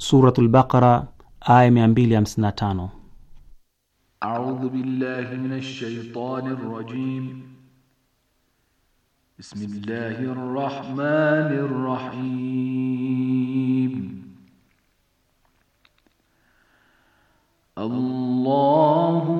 Suratul Baqara aya 255. A'udhu billahi minash shaitani rrajim. Bismillahir rahmanir rahim. Allahu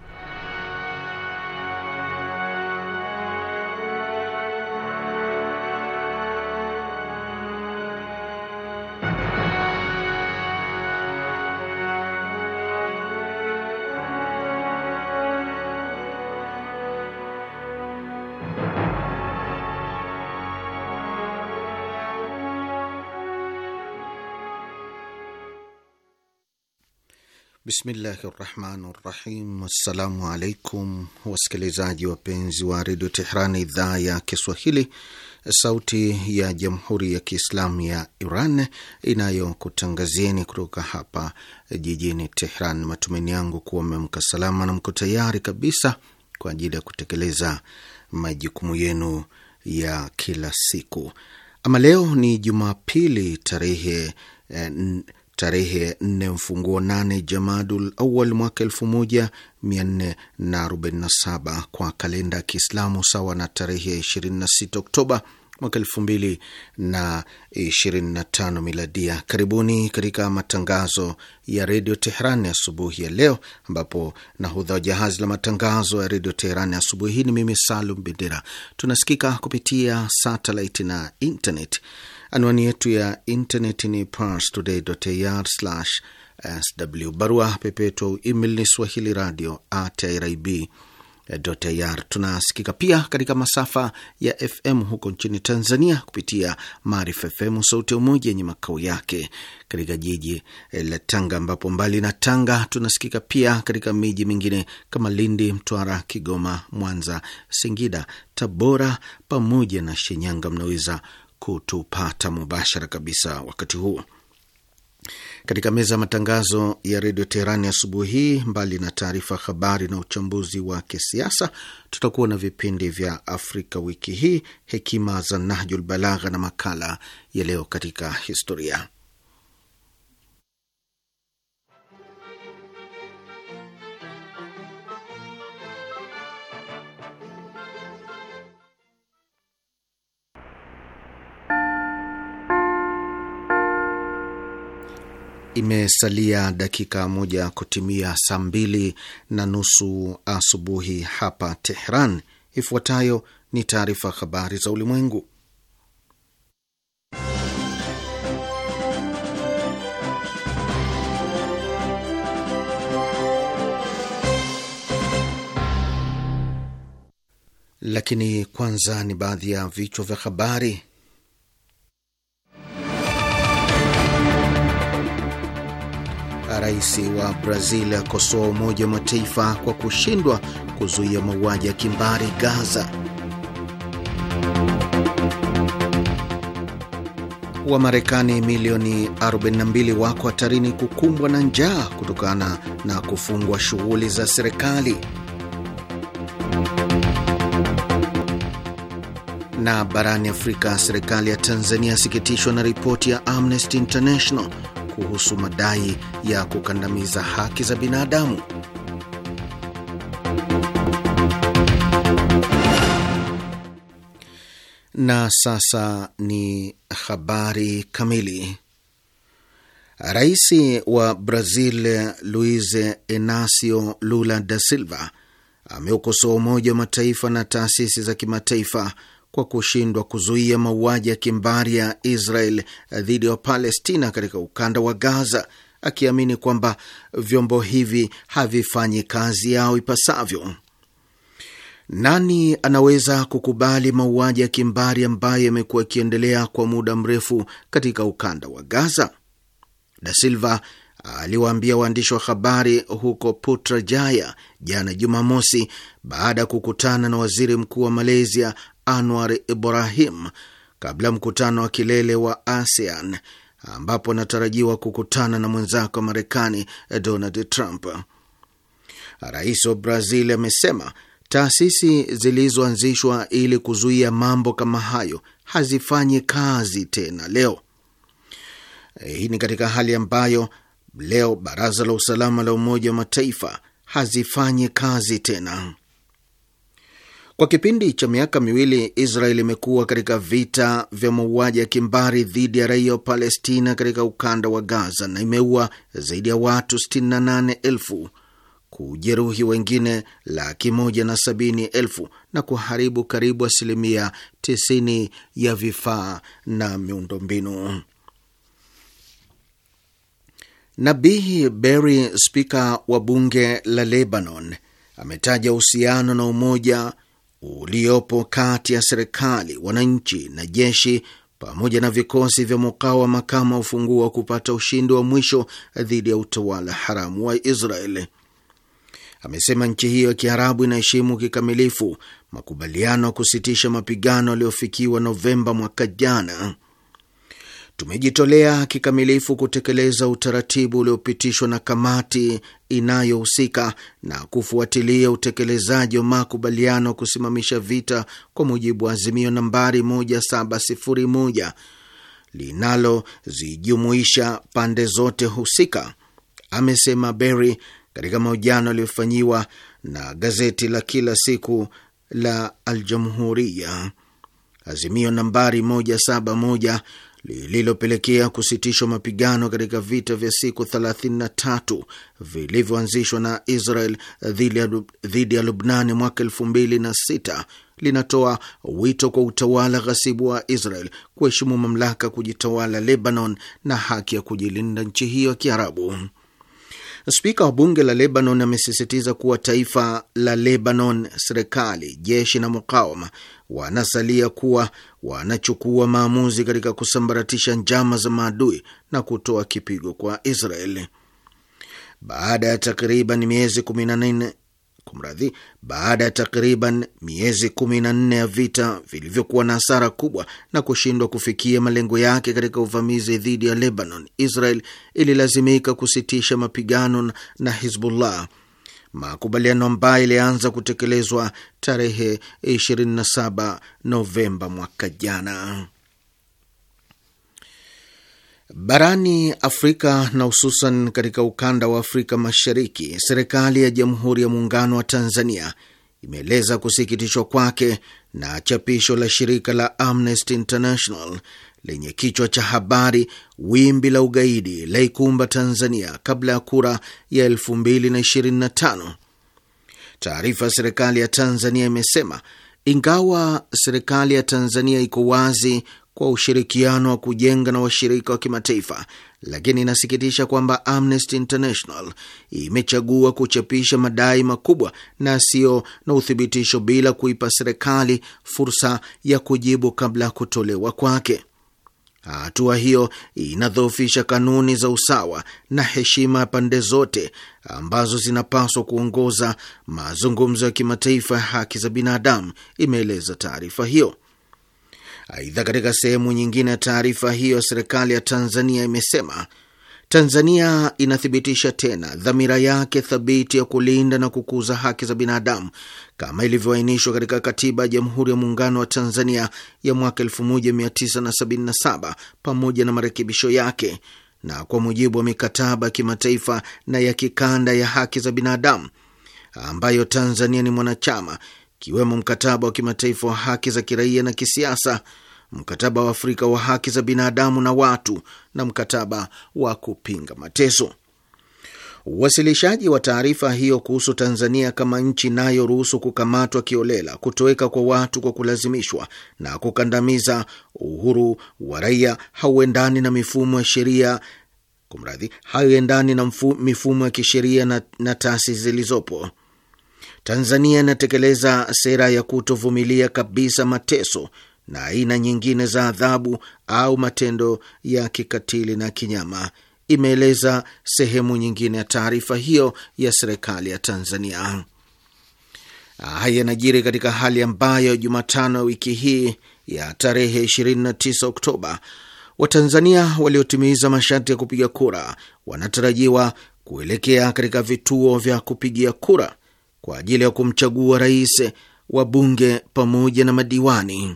Bismillahi rahmani rahim. Wassalamu alaikum wasikilizaji wapenzi wa redio Tehran, idhaa ya Kiswahili, sauti ya jamhuri ya kiislamu ya Iran inayokutangazieni kutoka hapa jijini Tehran. Matumaini yangu kuwa mmemka salama na mko tayari kabisa kwa ajili ya kutekeleza majukumu yenu ya kila siku. Ama leo ni Jumapili tarehe eh, tarehe 4 mfunguo 8 Jamadul Awal mwaka 1447 kwa kalenda ya Kiislamu, sawa na tarehe 26 Oktoba mwaka tano miladia. Karibuni katika matangazo ya redio Teherani asubuhi ya, ya leo ambapo nahudha wa jahazi la matangazo ya redio Teherani asubuhi hii ni mimi Salum Bendera. Tunasikika kupitia satelit na internet. Anwani yetu ya intaneti ni parstoday.ir/sw. Barua pepe yetu email ni swahili radio at irib .ir. Tunasikika pia katika masafa ya FM huko nchini Tanzania kupitia Maarifa FM sauti ya Umoja yenye makao yake katika jiji la Tanga, ambapo mbali na Tanga tunasikika pia katika miji mingine kama Lindi, Mtwara, Kigoma, Mwanza, Singida, Tabora pamoja na Shinyanga. Mnaweza kutupata mubashara kabisa wakati huu katika meza ya matangazo ya redio Teherani asubuhi hii. Mbali na taarifa habari na uchambuzi wa kisiasa, tutakuwa na vipindi vya Afrika wiki hii, hekima za Nahjul Balagha na makala ya leo katika historia. Imesalia dakika moja kutimia saa mbili na nusu asubuhi hapa Tehran. Ifuatayo ni taarifa habari za ulimwengu, lakini kwanza ni baadhi ya vichwa vya habari. Rais wa Brazil akosoa Umoja wa Mataifa kwa kushindwa kuzuia mauaji ya kimbari Gaza. Wamarekani milioni 42 wako hatarini kukumbwa na njaa kutokana na kufungwa shughuli za serikali. Na barani Afrika, serikali ya Tanzania asikitishwa na ripoti ya Amnesty International kuhusu madai ya kukandamiza haki za binadamu. Na sasa ni habari kamili. Rais wa Brazil Luiz Inacio Lula da Silva ameukosoa Umoja wa Mataifa na taasisi za kimataifa kwa kushindwa kuzuia mauaji ya kimbari ya Israel dhidi ya Palestina katika ukanda wa Gaza, akiamini kwamba vyombo hivi havifanyi kazi yao ipasavyo. Nani anaweza kukubali mauaji ya kimbari ambayo yamekuwa yakiendelea kwa muda mrefu katika ukanda wa Gaza? Da Silva aliwaambia waandishi wa habari huko Putrajaya jana Jumamosi, baada ya kukutana na waziri mkuu wa Malaysia Anwar Ibrahim kabla ya mkutano wa kilele wa ASEAN ambapo anatarajiwa kukutana na mwenzake wa Marekani Donald Trump. Rais wa Brazil amesema taasisi zilizoanzishwa ili kuzuia mambo kama hayo hazifanyi kazi tena leo. Hii ni katika hali ambayo leo baraza la usalama la Umoja wa Mataifa hazifanyi kazi tena. Kwa kipindi cha miaka miwili Israel imekuwa katika vita vya mauaji ya kimbari dhidi ya raia wa Palestina katika ukanda wa Gaza na imeua zaidi ya watu 68,000 kujeruhi wengine laki moja na sabini elfu na kuharibu karibu asilimia 90 ya vifaa na miundombinu. Nabihi Berri, spika wa bunge la Lebanon, ametaja uhusiano na Umoja uliopo kati ya serikali, wananchi na jeshi pamoja na vikosi vya mukawama kama ufunguo wa kupata ushindi wa mwisho dhidi ya utawala haramu wa Israeli. Amesema nchi hiyo ya Kiarabu inaheshimu kikamilifu makubaliano ya kusitisha mapigano yaliyofikiwa Novemba mwaka jana tumejitolea kikamilifu kutekeleza utaratibu uliopitishwa na kamati inayohusika na kufuatilia utekelezaji wa makubaliano ya kusimamisha vita kwa mujibu wa azimio nambari 1701 linalozijumuisha pande zote husika, amesema Berry katika mahojiano aliyofanyiwa na gazeti la kila siku la Aljamhuria. Azimio nambari 171 lililopelekea kusitishwa mapigano katika vita vya siku 33 vilivyoanzishwa na Israel dhidi ya Lubnani mwaka 206 linatoa wito kwa utawala ghasibu wa Israel kuheshimu mamlaka kujitawala Lebanon na haki ya kujilinda nchi hiyo ya Kiarabu. Spika wa bunge la Lebanon amesisitiza kuwa taifa la Lebanon, serikali, jeshi na mukawama wanasalia kuwa wanachukua maamuzi katika kusambaratisha njama za maadui na kutoa kipigo kwa Israeli. Baada ya takriban miezi 14 Kumradhi, baada ya takriban miezi kumi na nne ya vita vilivyokuwa na hasara kubwa na kushindwa kufikia malengo yake katika uvamizi dhidi ya Lebanon, Israel ililazimika kusitisha mapigano na Hizbullah, makubaliano ambayo ilianza kutekelezwa tarehe 27 Novemba mwaka jana. Barani Afrika na hususan katika ukanda wa Afrika Mashariki, serikali ya Jamhuri ya Muungano wa Tanzania imeeleza kusikitishwa kwake na chapisho la shirika la Amnesty International lenye kichwa cha habari wimbi la ugaidi la ikumba Tanzania kabla ya kura ya 2025. Taarifa ya serikali ya Tanzania imesema ingawa serikali ya Tanzania iko wazi kwa ushirikiano wa kujenga na washirika wa kimataifa, lakini inasikitisha kwamba Amnesty International imechagua kuchapisha madai makubwa na yasiyo na uthibitisho bila kuipa serikali fursa ya kujibu kabla ya kutolewa kwake. Hatua hiyo inadhoofisha kanuni za usawa na heshima ya pande zote ambazo zinapaswa kuongoza mazungumzo ya kimataifa ya haki za binadamu, imeeleza taarifa hiyo. Aidha, katika sehemu nyingine ya taarifa hiyo, serikali ya Tanzania imesema Tanzania inathibitisha tena dhamira yake thabiti ya kulinda na kukuza haki za binadamu kama ilivyoainishwa katika Katiba ya Jamhuri ya Muungano wa Tanzania ya mwaka 1977 pamoja na marekebisho yake na kwa mujibu wa mikataba ya kimataifa na ya kikanda ya haki za binadamu ambayo Tanzania ni mwanachama, ikiwemo mkataba wa kimataifa wa haki za kiraia na kisiasa mkataba wa Afrika wa haki za binadamu na watu na mkataba wa kupinga mateso. Uwasilishaji wa taarifa hiyo kuhusu Tanzania kama nchi inayoruhusu kukamatwa kiolela, kutoweka kwa watu kwa kulazimishwa na kukandamiza uhuru wa raia hauendani na mifumo ya sheria Kumradhi, hauendani na mifumo ya kisheria na, na taasisi zilizopo. Tanzania inatekeleza sera ya kutovumilia kabisa mateso na aina nyingine za adhabu au matendo ya kikatili na kinyama, imeeleza sehemu nyingine ya taarifa hiyo ya serikali ya Tanzania. Haya yanajiri katika hali ambayo Jumatano ya wiki hii ya tarehe 29 Oktoba, Watanzania waliotimiza masharti ya kupiga kura wanatarajiwa kuelekea katika vituo vya kupigia kura kwa ajili ya kumchagua rais, wabunge pamoja na madiwani.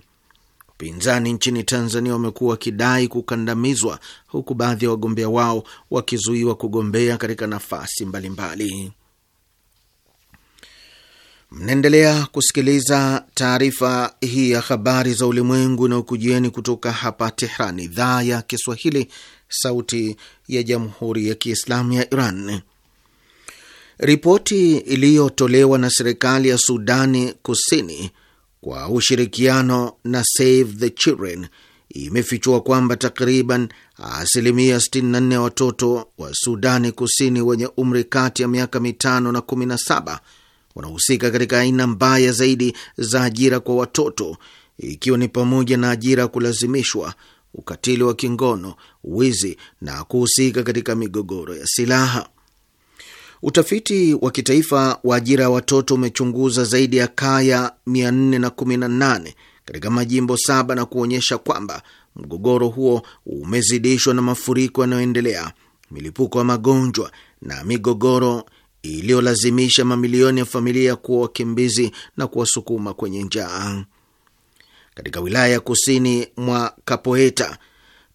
Upinzani nchini Tanzania wamekuwa wakidai kukandamizwa, huku baadhi ya wagombea wao wakizuiwa kugombea katika nafasi mbalimbali. Mnaendelea kusikiliza taarifa hii ya habari za ulimwengu na ukujieni kutoka hapa Tehran, idhaa ya Kiswahili, sauti ya jamhuri ya kiislamu ya Iran. Ripoti iliyotolewa na serikali ya Sudani Kusini kwa ushirikiano na Save the Children imefichua kwamba takriban asilimia 64 ya watoto wa Sudani Kusini wenye umri kati ya miaka mitano na 17 wanahusika katika aina mbaya zaidi za ajira kwa watoto, ikiwa ni pamoja na ajira ya kulazimishwa, ukatili wa kingono, wizi na kuhusika katika migogoro ya silaha. Utafiti wa kitaifa wa ajira ya watoto umechunguza zaidi ya kaya 418 katika majimbo saba na kuonyesha kwamba mgogoro huo umezidishwa na mafuriko yanayoendelea, milipuko ya magonjwa na migogoro iliyolazimisha mamilioni ya familia kuwa wakimbizi na kuwasukuma kwenye njaa. Katika wilaya ya kusini mwa Kapoeta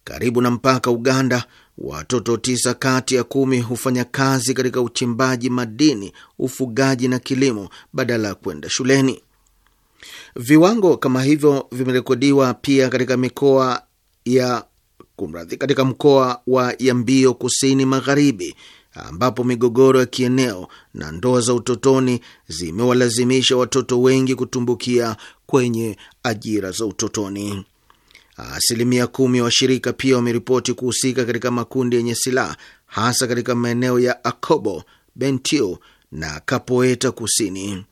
karibu na mpaka Uganda, Watoto tisa kati ya kumi hufanya kazi katika uchimbaji madini, ufugaji na kilimo badala ya kwenda shuleni. Viwango kama hivyo vimerekodiwa pia katika mikoa ya kumradhi, katika mkoa wa Yambio kusini magharibi, ambapo migogoro ya kieneo na ndoa za utotoni zimewalazimisha watoto wengi kutumbukia kwenye ajira za utotoni. Asilimia kumi wa washirika pia wameripoti kuhusika katika makundi yenye silaha hasa katika maeneo ya Akobo, Bentio na Kapoeta Kusini.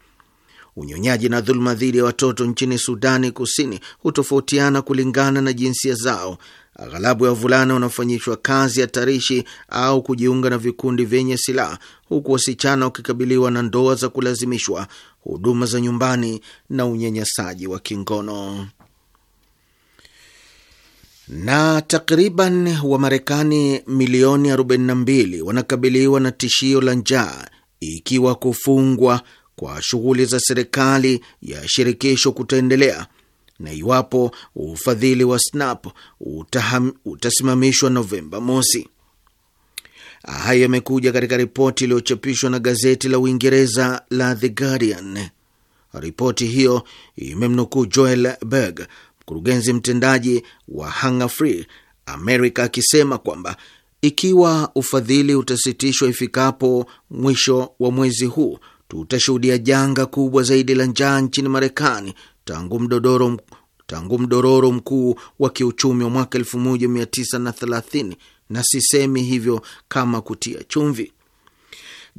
Unyonyaji na dhuluma dhidi ya watoto nchini Sudani Kusini hutofautiana kulingana na jinsia zao. Aghalabu ya wavulana wanafanyishwa kazi hatarishi au kujiunga na vikundi vyenye silaha, huku wasichana wakikabiliwa na ndoa za kulazimishwa, huduma za nyumbani na unyanyasaji wa kingono na takriban Wamarekani milioni 42 wanakabiliwa na tishio la njaa ikiwa kufungwa kwa shughuli za serikali ya shirikisho kutaendelea na iwapo ufadhili wa SNAP utaham, utasimamishwa Novemba mosi. Hayo yamekuja katika ripoti iliyochapishwa na gazeti la Uingereza la The Guardian. Ripoti hiyo imemnukuu Joel Berg, mkurugenzi mtendaji wa Hunger Free America akisema kwamba ikiwa ufadhili utasitishwa ifikapo mwisho wa mwezi huu, tutashuhudia janga kubwa zaidi la njaa nchini Marekani tangu mdodoro tangu mdororo mkuu wa kiuchumi wa mwaka 1930 na sisemi hivyo kama kutia chumvi.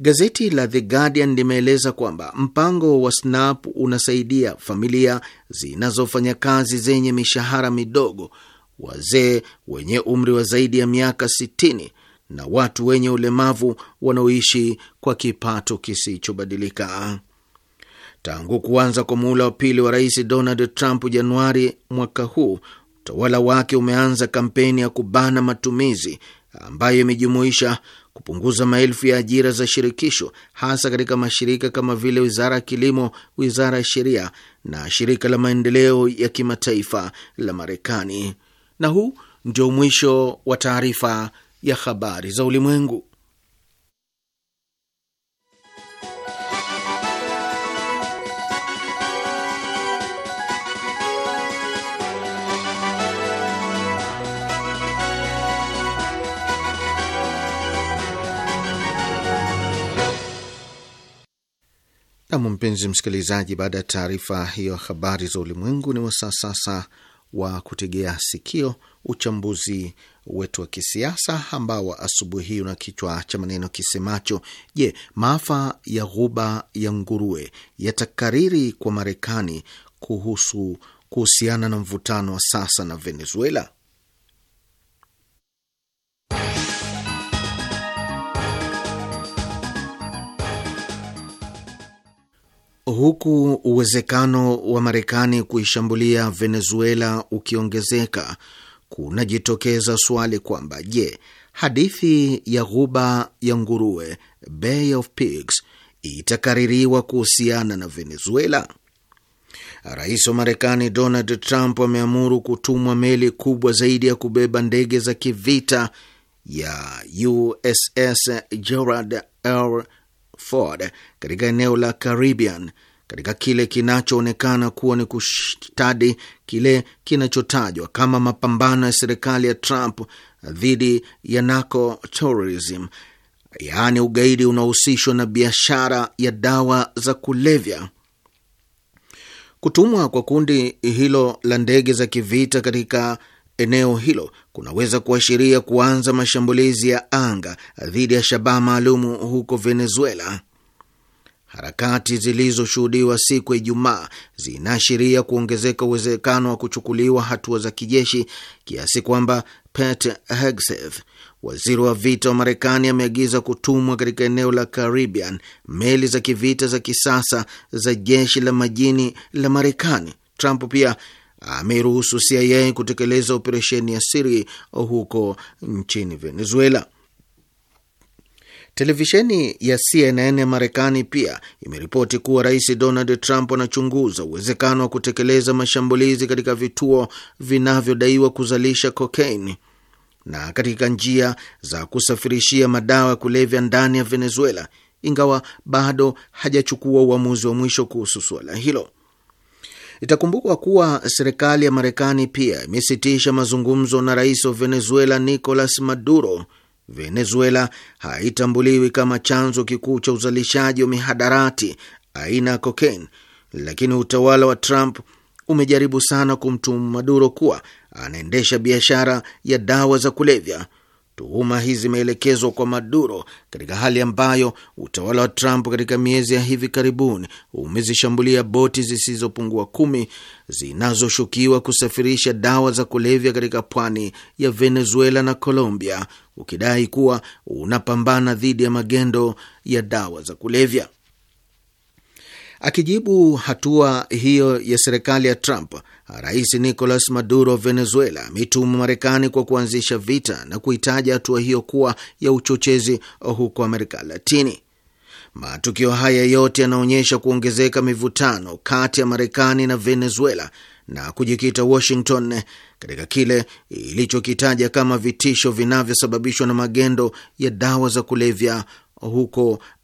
Gazeti la The Guardian limeeleza kwamba mpango wa SNAP unasaidia familia zinazofanya kazi zenye mishahara midogo, wazee wenye umri wa zaidi ya miaka 60 na watu wenye ulemavu wanaoishi kwa kipato kisichobadilika. Tangu kuanza kwa muhula wa pili wa Rais Donald Trump Januari mwaka huu, utawala wake umeanza kampeni ya kubana matumizi ambayo imejumuisha kupunguza maelfu ya ajira za shirikisho hasa katika mashirika kama vile wizara ya kilimo, wizara ya sheria na shirika la maendeleo ya kimataifa la Marekani. Na huu ndio mwisho wa taarifa ya habari za ulimwengu. Nam, mpenzi msikilizaji, baada ya taarifa hiyo habari za ulimwengu, ni wasaa sasa wa kutegea sikio uchambuzi wetu wa kisiasa ambao wa asubuhi hii una kichwa cha maneno kisemacho: Je, maafa ya ghuba ya nguruwe yatakariri kwa Marekani kuhusu kuhusiana na mvutano wa sasa na Venezuela? Huku uwezekano wa Marekani kuishambulia Venezuela ukiongezeka, kunajitokeza swali kwamba je, hadithi ya ghuba ya nguruwe, Bay of Pigs, itakaririwa kuhusiana na Venezuela? Rais wa Marekani Donald Trump ameamuru kutumwa meli kubwa zaidi ya kubeba ndege za kivita ya USS Gerald R. Ford katika eneo la Caribbean katika kile kinachoonekana kuwa ni kushtadi kile kinachotajwa kama mapambano ya serikali ya Trump dhidi ya narcoterrorism, yaani ugaidi unaohusishwa na biashara ya dawa za kulevya. Kutumwa kwa kundi hilo la ndege za kivita katika eneo hilo kunaweza kuashiria kuanza mashambulizi ya anga dhidi ya shabaha maalumu huko Venezuela. Harakati zilizoshuhudiwa siku ya Ijumaa zinaashiria kuongezeka uwezekano wa kuchukuliwa hatua za kijeshi kiasi kwamba Pete Hegseth, waziri wa vita wa Marekani, ameagiza kutumwa katika eneo la Caribbean meli za kivita za kisasa za jeshi la majini la Marekani. Trump pia ameruhusu CIA kutekeleza operesheni ya siri huko nchini Venezuela. Televisheni ya CNN ya Marekani pia imeripoti kuwa Rais Donald Trump anachunguza uwezekano wa kutekeleza mashambulizi katika vituo vinavyodaiwa kuzalisha kokaini na katika njia za kusafirishia madawa ya kulevya ndani ya Venezuela, ingawa bado hajachukua uamuzi wa mwisho kuhusu suala hilo. Itakumbukwa kuwa serikali ya Marekani pia imesitisha mazungumzo na rais wa Venezuela Nicolas Maduro Venezuela haitambuliwi kama chanzo kikuu cha uzalishaji wa mihadarati aina ya kokaini, lakini utawala wa Trump umejaribu sana kumtuhumu Maduro kuwa anaendesha biashara ya dawa za kulevya Tuhuma hizi zimeelekezwa kwa Maduro katika hali ambayo utawala wa Trump katika miezi ya hivi karibuni umezishambulia boti zisizopungua kumi zinazoshukiwa kusafirisha dawa za kulevya katika pwani ya Venezuela na Colombia, ukidai kuwa unapambana dhidi ya magendo ya dawa za kulevya. Akijibu hatua hiyo ya serikali ya Trump, Rais Nicolas Maduro Venezuela ameitumu Marekani kwa kuanzisha vita na kuitaja hatua hiyo kuwa ya uchochezi huko Amerika Latini. Matukio haya yote yanaonyesha kuongezeka mivutano kati ya Marekani na Venezuela na kujikita Washington katika kile ilichokitaja kama vitisho vinavyosababishwa na magendo ya dawa za kulevya huko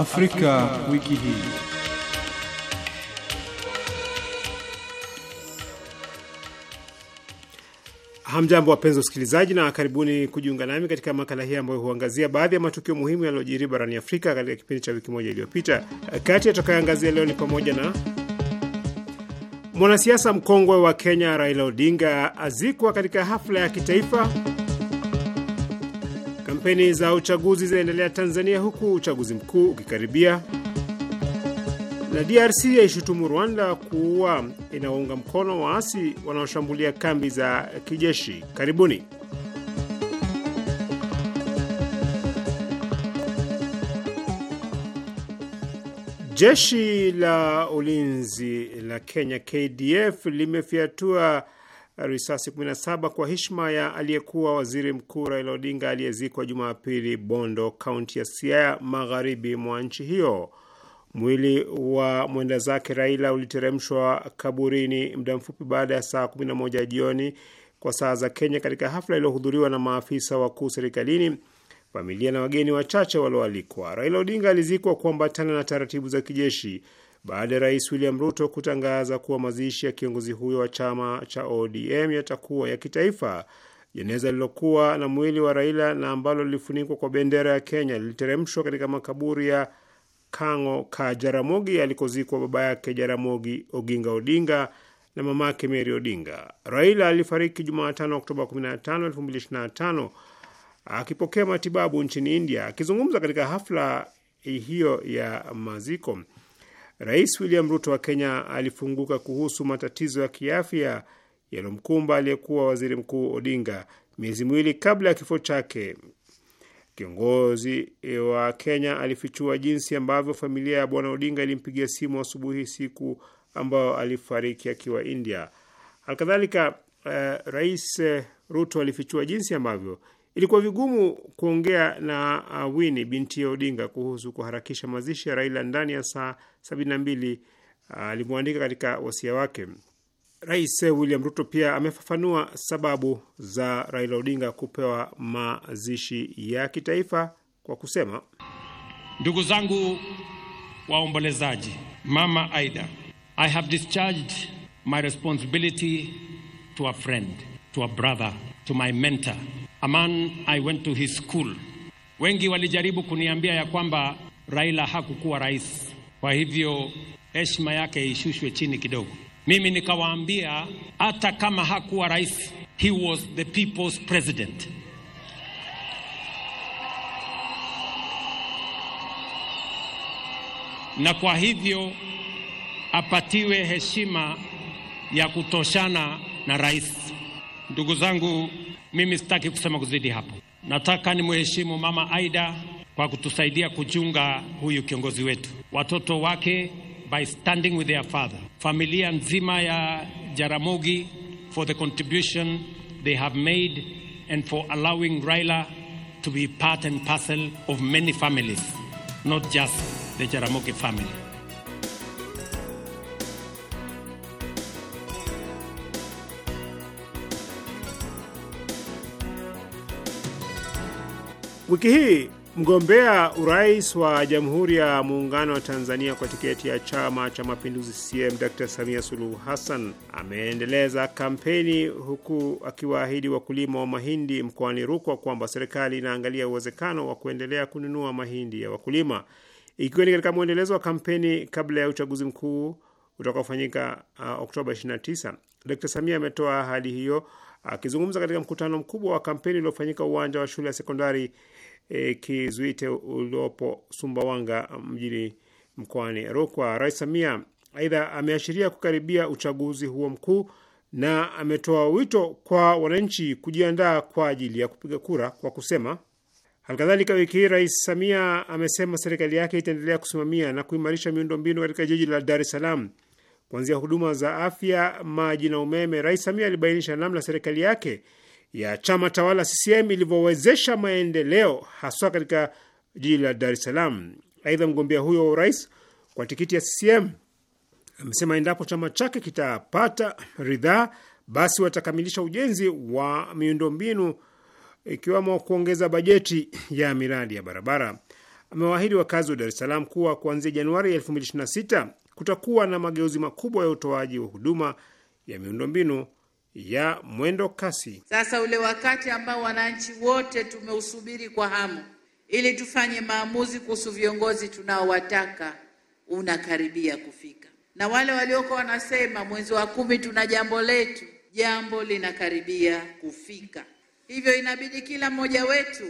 Afrika, wiki hii. Hamjambo wapenzi wasikilizaji, na karibuni kujiunga nami katika makala hii ambayo huangazia baadhi ya matukio muhimu yaliyojiri barani Afrika katika kipindi cha wiki moja iliyopita. Kati yatakayoangazia leo ni pamoja na mwanasiasa mkongwe wa Kenya Raila Odinga azikwa katika hafla ya kitaifa Kampeni za uchaguzi zinaendelea Tanzania huku uchaguzi mkuu ukikaribia, na DRC yaishutumu Rwanda kuwa inaunga mkono waasi wanaoshambulia kambi za kijeshi. Karibuni. Jeshi la ulinzi la Kenya KDF limefiatua risasi 17 kwa heshima ya aliyekuwa waziri mkuu Raila Odinga aliyezikwa Jumapili Bondo, kaunti ya Siaya, magharibi mwa nchi hiyo. Mwili wa mwenda zake Raila uliteremshwa kaburini muda mfupi baada ya saa 11 jioni kwa saa za Kenya, katika hafla iliyohudhuriwa na maafisa wakuu serikalini, familia na wageni wachache walioalikwa. Raila Odinga alizikwa kuambatana na taratibu za kijeshi baada ya rais William Ruto kutangaza kuwa mazishi ya kiongozi huyo wa chama cha ODM yatakuwa ya kitaifa. Jeneza lililokuwa na mwili wa Raila na ambalo lilifunikwa kwa bendera ya Kenya liliteremshwa katika makaburi ya Kang'o ka Jaramogi alikozikwa baba yake Jaramogi Oginga Odinga na mamake Mary Odinga. Raila alifariki Jumatano Oktoba 15, 2025 akipokea matibabu nchini India. Akizungumza katika hafla hiyo ya maziko, Rais William Ruto wa Kenya alifunguka kuhusu matatizo ya kiafya yaliyomkumba aliyekuwa waziri mkuu Odinga miezi miwili kabla ya kifo chake. Kiongozi wa Kenya alifichua jinsi ambavyo familia ya bwana Odinga ilimpigia simu asubuhi siku ambayo alifariki akiwa India. Halikadhalika, uh, eh, Rais Ruto alifichua jinsi ambavyo Ilikuwa vigumu kuongea na uh, wini binti ya Odinga kuhusu kuharakisha mazishi ya Raila ndani ya saa sabini na mbili uh, alimwandika katika wasia wake. Rais William Ruto pia amefafanua sababu za Raila Odinga kupewa mazishi ya kitaifa kwa kusema, ndugu zangu waombolezaji, mama Aida, I have discharged my responsibility to a friend, to a brother, to my mentor a man I went to his school. Wengi walijaribu kuniambia ya kwamba Raila hakukuwa rais, kwa hivyo heshima yake ishushwe chini kidogo. Mimi nikawaambia hata kama hakuwa rais, he was the people's president. Na kwa hivyo apatiwe heshima ya kutoshana na rais. Ndugu zangu Mimi sitaki kusema kuzidi hapo. Nataka nimheshimu Mama Aida kwa kutusaidia kuchunga huyu kiongozi wetu, watoto wake by standing with their father, familia nzima ya Jaramogi for the contribution they have made and for allowing Raila to be part and parcel of many families, not just the Jaramogi family. Wiki hii mgombea urais wa Jamhuri ya Muungano wa Tanzania kwa tiketi ya Chama cha Mapinduzi CCM Dr Samia Suluhu Hassan ameendeleza kampeni huku akiwaahidi wakulima wa mahindi mkoani Rukwa kwamba serikali inaangalia uwezekano wa kuendelea kununua mahindi ya wakulima, ikiwa ni katika mwendelezo wa kampeni kabla ya uchaguzi mkuu utakaofanyika uh, Oktoba 29. Dr Samia ametoa ahadi hiyo akizungumza katika mkutano mkubwa wa kampeni uliofanyika uwanja wa shule ya sekondari e, Kizuite uliopo Sumbawanga um, mjini mkoani Rukwa. Rais Samia aidha ameashiria kukaribia uchaguzi huo mkuu na ametoa wito kwa wananchi kujiandaa kwa ajili ya kupiga kura kwa kusema Halikadhalika, wiki hii Rais Samia amesema serikali yake itaendelea kusimamia na kuimarisha miundombinu katika jiji la Dar es Salaam, kuanzia huduma za afya, maji na umeme. Rais Samia alibainisha namna serikali yake ya chama tawala CCM ilivyowezesha maendeleo haswa katika jiji la Dar es Salaam. Aidha, mgombea huyo wa urais kwa tikiti ya CCM amesema endapo chama chake kitapata ridhaa, basi watakamilisha ujenzi wa miundombinu ikiwemo kuongeza bajeti ya miradi ya barabara. Amewaahidi wakazi wa Dar es Salaam kuwa kuanzia Januari 2026 kutakuwa na mageuzi makubwa ya utoaji wa huduma ya miundombinu ya mwendo kasi. Sasa ule wakati ambao wananchi wote tumeusubiri kwa hamu ili tufanye maamuzi kuhusu viongozi tunaowataka unakaribia kufika, na wale waliokuwa wanasema mwezi wa kumi tuna jambo letu, jambo linakaribia kufika. Hivyo inabidi kila mmoja wetu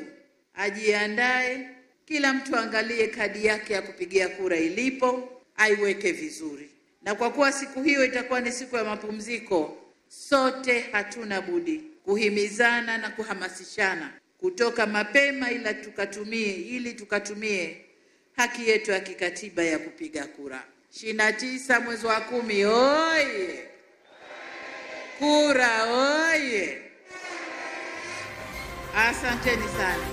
ajiandae, kila mtu aangalie kadi yake ya kupigia kura ilipo, aiweke vizuri, na kwa kuwa siku hiyo itakuwa ni siku ya mapumziko Sote hatuna budi kuhimizana na kuhamasishana kutoka mapema, ila tukatumie ili tukatumie haki yetu ya kikatiba ya kupiga kura ishirini na tisa mwezi wa kumi. Oye kura oye! Asanteni sana.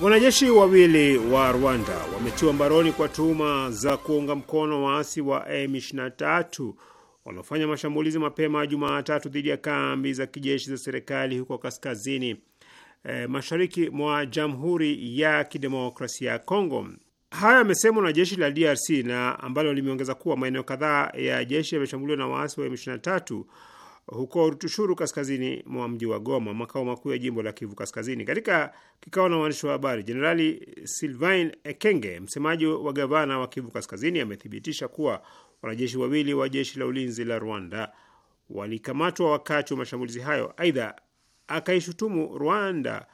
Wanajeshi wawili wa Rwanda wametiwa mbaroni kwa tuhuma za kuunga mkono waasi wa M23 wanaofanya mashambulizi mapema Jumatatu dhidi ya kambi za kijeshi za serikali huko kaskazini e, mashariki mwa Jamhuri ya Kidemokrasia ya Kongo. haya yamesemwa na jeshi la DRC na ambalo limeongeza kuwa maeneo kadhaa ya jeshi yameshambuliwa na waasi wa M23 huko Rutushuru, kaskazini mwa mji wa Goma, makao makuu ya jimbo la Kivu Kaskazini. Katika kikao na waandishi wa habari, Jenerali Sylvain Ekenge, msemaji wa gavana wa Kivu Kaskazini, amethibitisha kuwa wanajeshi wawili wa jeshi la ulinzi la Rwanda walikamatwa wakati wa mashambulizi hayo. Aidha, akaishutumu Rwanda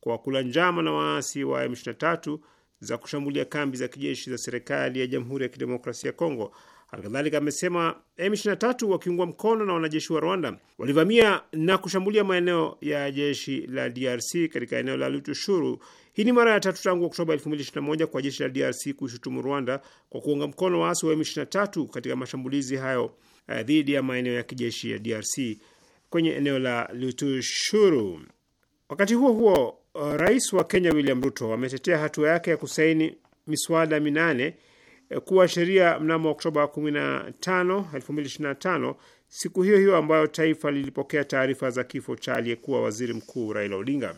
kwa kula njama na waasi wa M23 za kushambulia kambi za kijeshi za serikali ya Jamhuri ya Kidemokrasia ya Kongo. Halikadhalika amesema M23 wakiungwa mkono na wanajeshi wa Rwanda walivamia na kushambulia maeneo ya jeshi la DRC katika eneo la Lutushuru. Hii ni mara ya tatu tangu Oktoba 2021 kwa jeshi la DRC kuishutumu Rwanda kwa kuunga mkono waasi wa M23 katika mashambulizi hayo eh, dhidi ya maeneo ya kijeshi ya DRC kwenye eneo la Lutushuru. Wakati huo huo, eh, rais wa Kenya William Ruto ametetea hatua yake ya kusaini miswada minane kuwa sheria mnamo Oktoba 15, 2025, siku hiyo hiyo ambayo taifa lilipokea taarifa za kifo cha aliyekuwa waziri mkuu Raila Odinga.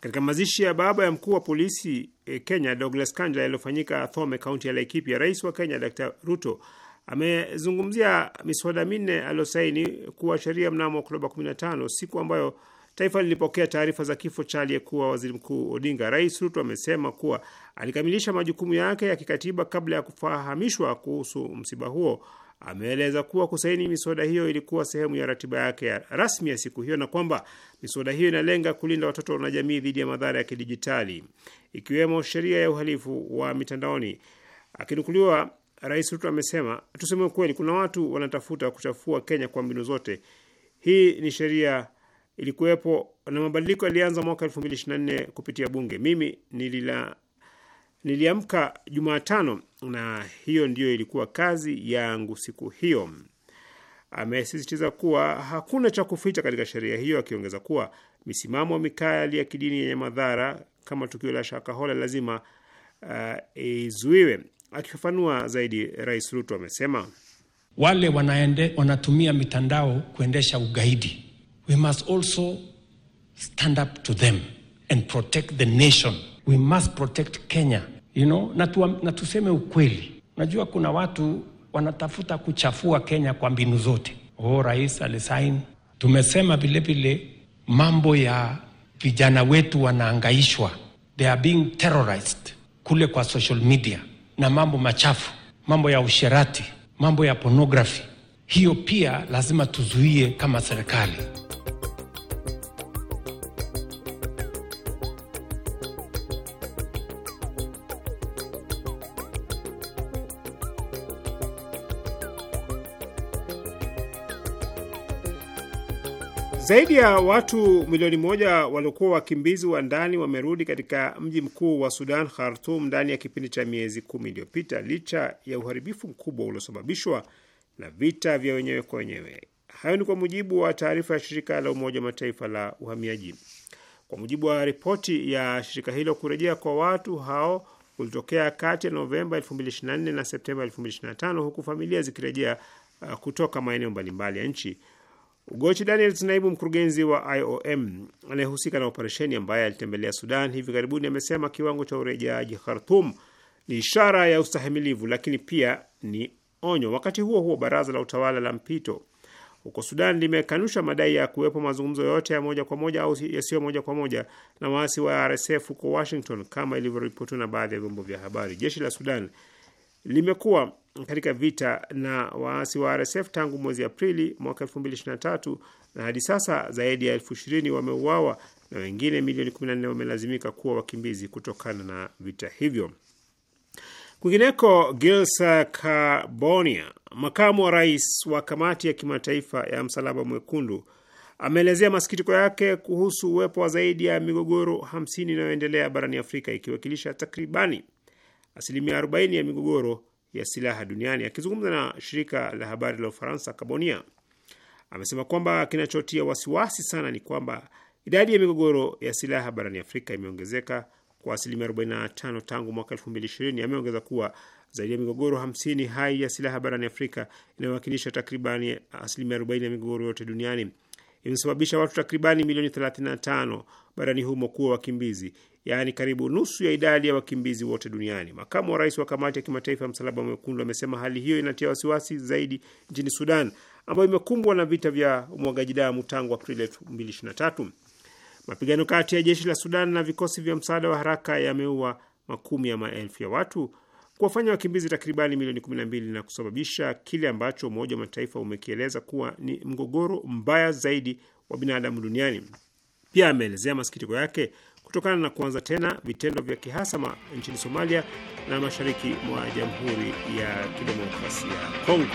Katika mazishi ya baba ya mkuu wa polisi e, Kenya Douglas Kanja yaliyofanyika thome kaunti ya Laikipia, rais wa Kenya Dr Ruto amezungumzia miswada minne aliyosaini kuwa sheria mnamo Oktoba 15, siku ambayo Taifa lilipokea taarifa za kifo cha aliyekuwa waziri mkuu Odinga. Rais Ruto amesema kuwa alikamilisha majukumu yake ya kikatiba kabla ya kufahamishwa kuhusu msiba huo. Ameeleza kuwa kusaini miswada hiyo ilikuwa sehemu ya ratiba yake ya rasmi ya siku hiyo na kwamba miswada hiyo inalenga kulinda watoto na jamii dhidi ya madhara ya kidijitali ikiwemo sheria ya uhalifu wa mitandaoni. Akinukuliwa, Rais Ruto amesema, tuseme ukweli, kuna watu wanatafuta kuchafua Kenya kwa mbinu zote. Hii ni sheria ilikuwepo na mabadiliko yalianza mwaka 2024 kupitia bunge. Mimi nilila niliamka Jumatano na hiyo ndiyo ilikuwa kazi yangu siku hiyo. Amesisitiza kuwa hakuna cha kuficha katika sheria hiyo, akiongeza kuwa misimamo mikali ya kidini yenye madhara kama tukio la Shakahola lazima uh, izuiwe. akifafanua zaidi, Rais Ruto amesema wale wanaende, wanatumia mitandao kuendesha ugaidi we must also stand up to them and protect the nation. We must protect Kenya, you know, na, tuseme ukweli. Najua kuna watu wanatafuta kuchafua Kenya kwa mbinu zote. Oh, rais alisaini. Tumesema vilevile mambo ya vijana wetu wanaangaishwa, they are being terrorized kule kwa social media na mambo machafu, mambo ya usherati, mambo ya pornography. Hiyo pia lazima tuzuie kama serikali. Zaidi ya watu milioni moja waliokuwa wakimbizi wa ndani wamerudi katika mji mkuu wa Sudan, Khartum, ndani ya kipindi cha miezi kumi iliyopita, licha ya uharibifu mkubwa uliosababishwa na vita vya wenyewe kwa wenyewe. Hayo ni kwa mujibu wa taarifa ya shirika la Umoja wa Mataifa la uhamiaji. Kwa mujibu wa ripoti ya shirika hilo, kurejea kwa watu hao kulitokea kati ya Novemba 2024 na Septemba 2025 huku familia zikirejea uh, kutoka maeneo mbalimbali ya nchi. Ugochi Daniels, naibu mkurugenzi wa IOM anayehusika na operesheni, ambaye alitembelea Sudan hivi karibuni, amesema kiwango cha urejeaji Khartum ni ishara ya ustahimilivu, lakini pia ni onyo. Wakati huo huo, baraza la utawala la mpito huko Sudan limekanusha madai ya kuwepo mazungumzo yote ya moja kwa moja au yasiyo moja kwa moja na waasi wa RSF huko Washington, kama ilivyoripotiwa na baadhi ya vyombo vya habari. Jeshi la Sudan limekuwa katika vita na waasi wa RSF tangu mwezi Aprili mwaka 2023 na hadi sasa zaidi ya elfu ishirini wameuawa na wengine milioni 14 wamelazimika kuwa wakimbizi kutokana na vita hivyo. Kwingineko, Gilsa Carbonia, makamu wa rais wa kamati ya kimataifa ya Msalaba Mwekundu, ameelezea masikitiko yake kuhusu uwepo wa zaidi ya migogoro 50 inayoendelea barani Afrika ikiwakilisha takribani asilimia 40 ya migogoro ya silaha duniani. Akizungumza na shirika la habari la Ufaransa, Kabonia amesema kwamba kinachotia wasiwasi sana ni kwamba idadi ya migogoro ya silaha barani Afrika imeongezeka kwa asilimia 45 tangu mwaka 2020. Ameongeza kuwa zaidi ya migogoro 50 hai ya silaha barani Afrika inayowakilisha takribani asilimia 40 ya migogoro yote duniani imesababisha watu takribani milioni 35 barani humo kuwa wakimbizi, yaani karibu nusu ya idadi ya wakimbizi wote duniani. Makamu wa rais wa kamati ya kimataifa ya Msalaba Mwekundu amesema hali hiyo inatia wasiwasi zaidi nchini Sudan ambayo imekumbwa na vita vya umwagaji damu tangu Aprili 2023. Mapigano kati ya jeshi la Sudan na vikosi vya msaada wa haraka yameua makumi ya maelfu ya watu kuwafanya wakimbizi takribani milioni 12 na kusababisha kile ambacho Umoja wa Mataifa umekieleza kuwa ni mgogoro mbaya zaidi wa binadamu duniani. Pia ameelezea masikitiko yake kutokana na kuanza tena vitendo vya kihasama nchini Somalia na mashariki mwa Jamhuri ya Kidemokrasia ya Kongo.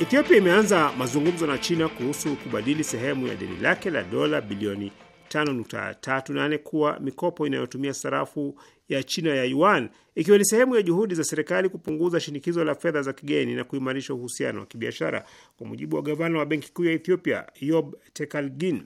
Ethiopia imeanza mazungumzo na China kuhusu kubadili sehemu ya deni lake la dola bilioni 5.38 kuwa mikopo inayotumia sarafu ya China ya yuan, ikiwa ni sehemu ya juhudi za serikali kupunguza shinikizo la fedha za kigeni na kuimarisha uhusiano wa kibiashara. Kwa mujibu wa gavana wa benki kuu ya Ethiopia, Yob Tekalgin,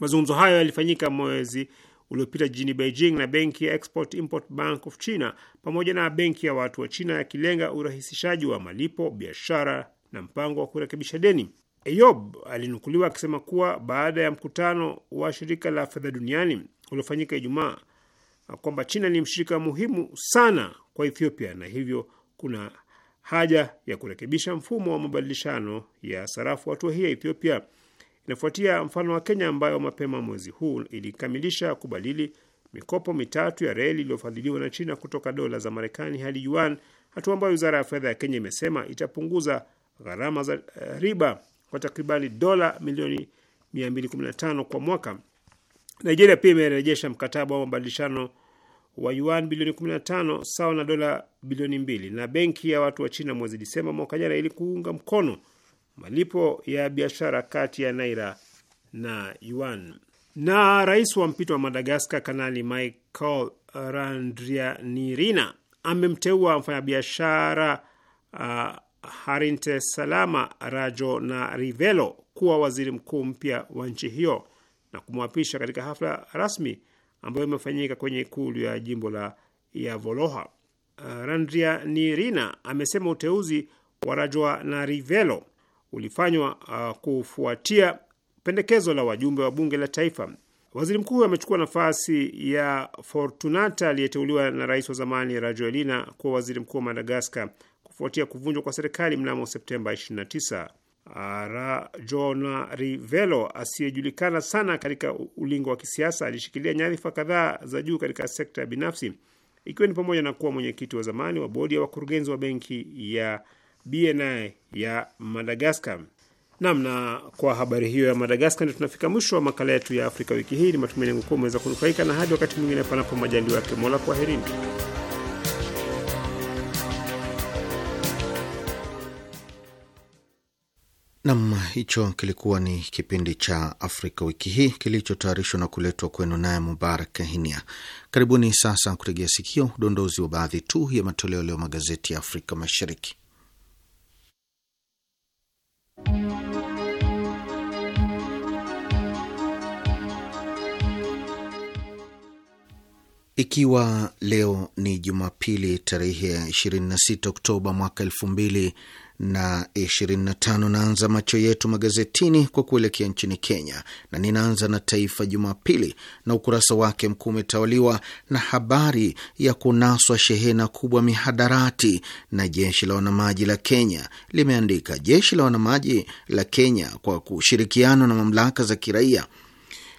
mazungumzo hayo yalifanyika mwezi uliopita jijini Beijing na benki ya Export Import Bank of China pamoja na benki ya watu wa China, yakilenga urahisishaji wa malipo, biashara na mpango wa kurekebisha deni. Eyob alinukuliwa akisema kuwa baada ya mkutano wa shirika la fedha duniani uliofanyika Ijumaa, kwamba China ni mshirika muhimu sana kwa Ethiopia na hivyo kuna haja ya kurekebisha mfumo wa mabadilishano ya sarafu. Hatua hii ya Ethiopia inafuatia mfano wa Kenya ambayo mapema mwezi huu ilikamilisha kubadili mikopo mitatu ya reli iliyofadhiliwa na China kutoka dola za Marekani hadi yuan, hatua ambayo wizara ya fedha ya Kenya imesema itapunguza gharama za eh, riba kwa takribani dola milioni 215 kwa mwaka. Nigeria pia imerejesha mkataba wa mabadilishano wa yuan bilioni 15 sawa na dola bilioni mbili na benki ya watu wa China mwezi Disemba mwaka jana ili kuunga mkono malipo ya biashara kati ya naira na yuan. Na rais wa mpito wa Madagaskar Kanali Michael Randrianirina amemteua mfanyabiashara uh, Harinte Salama Rajo na Rivelo kuwa waziri mkuu mpya wa nchi hiyo na kumwapisha katika hafla rasmi ambayo imefanyika kwenye ikulu ya jimbo la Yavoloha. Uh, nirina amesema uteuzi wa Rivelo ulifanywa uh, kufuatia pendekezo la wajumbe wa bunge la taifa. Waziri mkuu huyo amechukua nafasi ya Fortunata aliyeteuliwa na rais wa zamani Rajoelina kuwa waziri mkuu wa Madagaskar kufuatia kuvunjwa kwa serikali mnamo Septemba 29. Rajona Rivelo asiyejulikana sana katika ulingo wa kisiasa alishikilia nyadhifa kadhaa za juu katika sekta ya binafsi ikiwa ni pamoja na kuwa mwenyekiti wa zamani wa bodi ya wakurugenzi wa benki ya BNI ya Madagaskar. Naam, na kwa habari hiyo ya Madagaskar ndio tunafika mwisho wa makala yetu ya Afrika wiki hii. Ni matumaini yangu kuwa umeweza kunufaika, na hadi wakati mwingine, panapo majaliwa yake Mola, kwaherini. Nam, hicho kilikuwa ni kipindi cha Afrika wiki hii kilichotayarishwa na kuletwa kwenu naye Mubarak Hinia. Karibuni sasa kutegea sikio udondozi wa baadhi tu ya matoleo leo magazeti ya Afrika Mashariki. Ikiwa leo ni Jumapili tarehe ya 26 Oktoba mwaka elfu mbili na 25. Naanza macho yetu magazetini kwa kuelekea nchini Kenya, na ninaanza na Taifa Jumapili, na ukurasa wake mkuu umetawaliwa na habari ya kunaswa shehena kubwa mihadarati na jeshi la wanamaji la Kenya. Limeandika jeshi la wanamaji la Kenya kwa kushirikiana na mamlaka za kiraia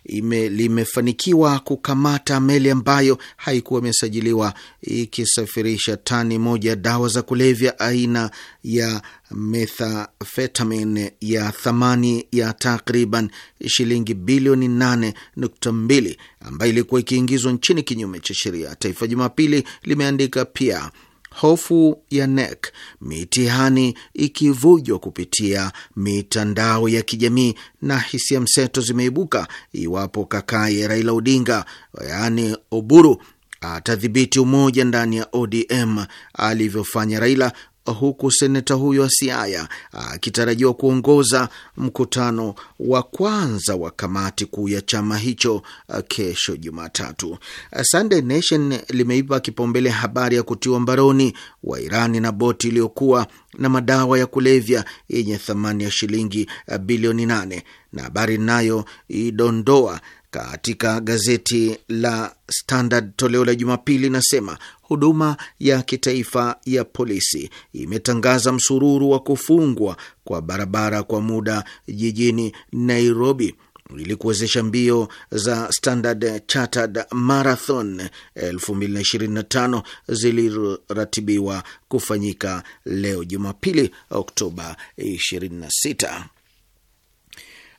ime, limefanikiwa kukamata meli ambayo haikuwa imesajiliwa ikisafirisha tani moja ya dawa za kulevya aina ya methamphetamine ya thamani ya takriban shilingi bilioni 8.2 ambayo ilikuwa ikiingizwa nchini kinyume cha sheria. Taifa Jumapili limeandika pia hofu ya NEC, mitihani ikivujwa kupitia mitandao ya kijamii na hisia mseto zimeibuka iwapo kakaye Raila Odinga yaani Oburu atadhibiti umoja ndani ya ODM alivyofanya Raila huku seneta huyo wa Siaya akitarajiwa kuongoza mkutano wa kwanza wa kamati kuu ya chama hicho uh, kesho Jumatatu. Uh, Sunday Nation limeipa kipaumbele habari ya kutiwa mbaroni wa Irani na boti iliyokuwa na madawa ya kulevya yenye thamani ya shilingi uh, bilioni nane na habari inayoidondoa idondoa katika gazeti la Standard toleo la Jumapili inasema huduma ya kitaifa ya polisi imetangaza msururu wa kufungwa kwa barabara kwa muda jijini Nairobi ili kuwezesha mbio za Standard Chartered Marathon 2025 ziliratibiwa kufanyika leo Jumapili, Oktoba 26.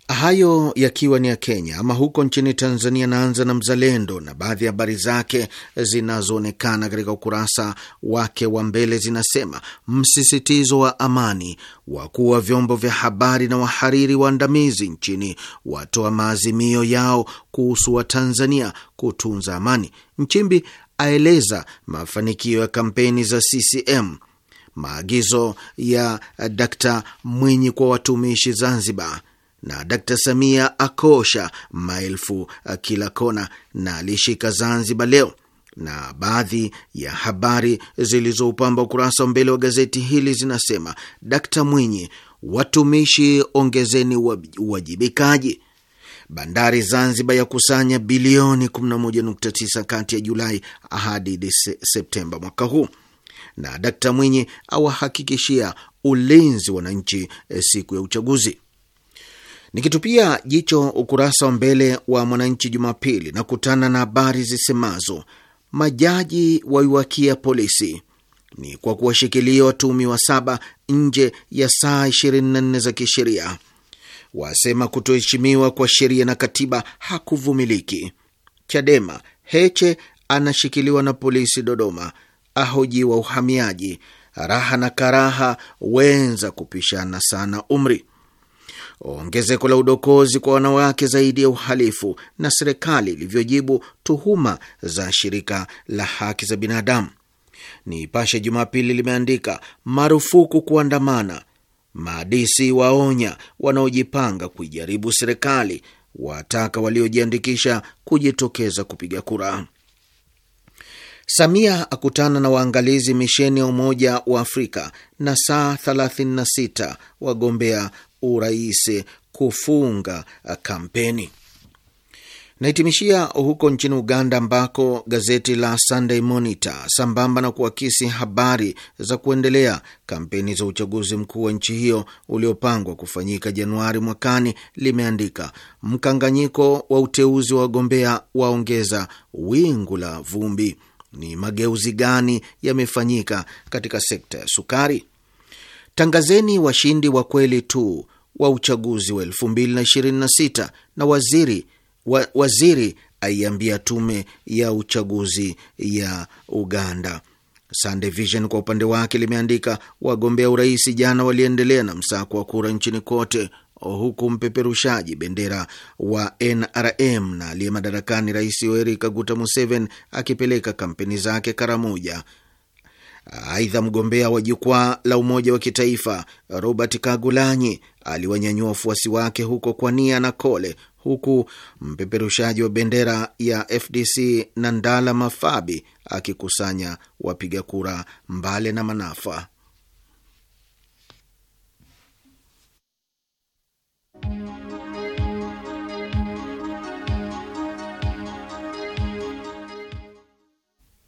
Hayo yakiwa ni ya Kenya. Ama huko nchini Tanzania, naanza na Mzalendo na baadhi ya habari zake zinazoonekana katika ukurasa wake wa mbele zinasema: msisitizo wa amani, wakuu wa vyombo vya habari na wahariri waandamizi nchini watoa maazimio yao kuhusu Watanzania kutunza amani. Nchimbi aeleza mafanikio ya kampeni za CCM, maagizo ya Dkt Mwinyi kwa watumishi Zanzibar na Dkt Samia akosha maelfu uh, kila kona na alishika Zanzibar leo na baadhi ya habari zilizoupamba ukurasa wa mbele wa gazeti hili zinasema: Dkt Mwinyi, watumishi ongezeni uwajibikaji. Bandari Zanzibar ya kusanya bilioni 11.9 kati ya Julai hadi Septemba mwaka huu, na Dkt Mwinyi awahakikishia ulinzi wananchi eh, siku ya uchaguzi. Nikitupia jicho ukurasa wa mbele wa Mwananchi Jumapili na kutana na habari zisemazo majaji waiwakia polisi ni kwa kuwashikilia watumi wa saba nje ya saa 24 za kisheria, wasema kutoheshimiwa kwa sheria na katiba hakuvumiliki. Chadema Heche anashikiliwa na polisi Dodoma, ahojiwa uhamiaji. Raha na karaha wenza kupishana sana umri ongezeko la udokozi kwa wanawake zaidi ya uhalifu na serikali ilivyojibu tuhuma za shirika la haki za binadamu. Nipashe Jumapili limeandika marufuku kuandamana, maadisi waonya wanaojipanga kuijaribu serikali, wataka waliojiandikisha kujitokeza kupiga kura. Samia akutana na waangalizi misheni ya Umoja wa Afrika na saa 36 wagombea urais kufunga uh, kampeni. Nahitimishia huko nchini Uganda, ambako gazeti la Sunday Monitor sambamba na kuakisi habari za kuendelea kampeni za uchaguzi mkuu wa nchi hiyo uliopangwa kufanyika Januari mwakani limeandika mkanganyiko wa uteuzi wa wagombea waongeza wingu la vumbi. Ni mageuzi gani yamefanyika katika sekta ya sukari? Tangazeni washindi wa kweli tu wa uchaguzi wa 2026 na waziri, wa, waziri aiambia tume ya uchaguzi ya Uganda. Sunday Vision kwa upande wake limeandika wagombea urais jana waliendelea na msako wa kura nchini kote huku mpeperushaji bendera wa NRM na aliye madarakani Rais Yoweri Kaguta Museveni akipeleka kampeni zake Karamoja Aidha, mgombea wa jukwaa la umoja wa kitaifa Robert Kagulanyi aliwanyanyua wafuasi wake huko kwa nia na Kole, huku mpeperushaji wa bendera ya FDC Nandala Mafabi akikusanya wapiga kura Mbale na Manafa.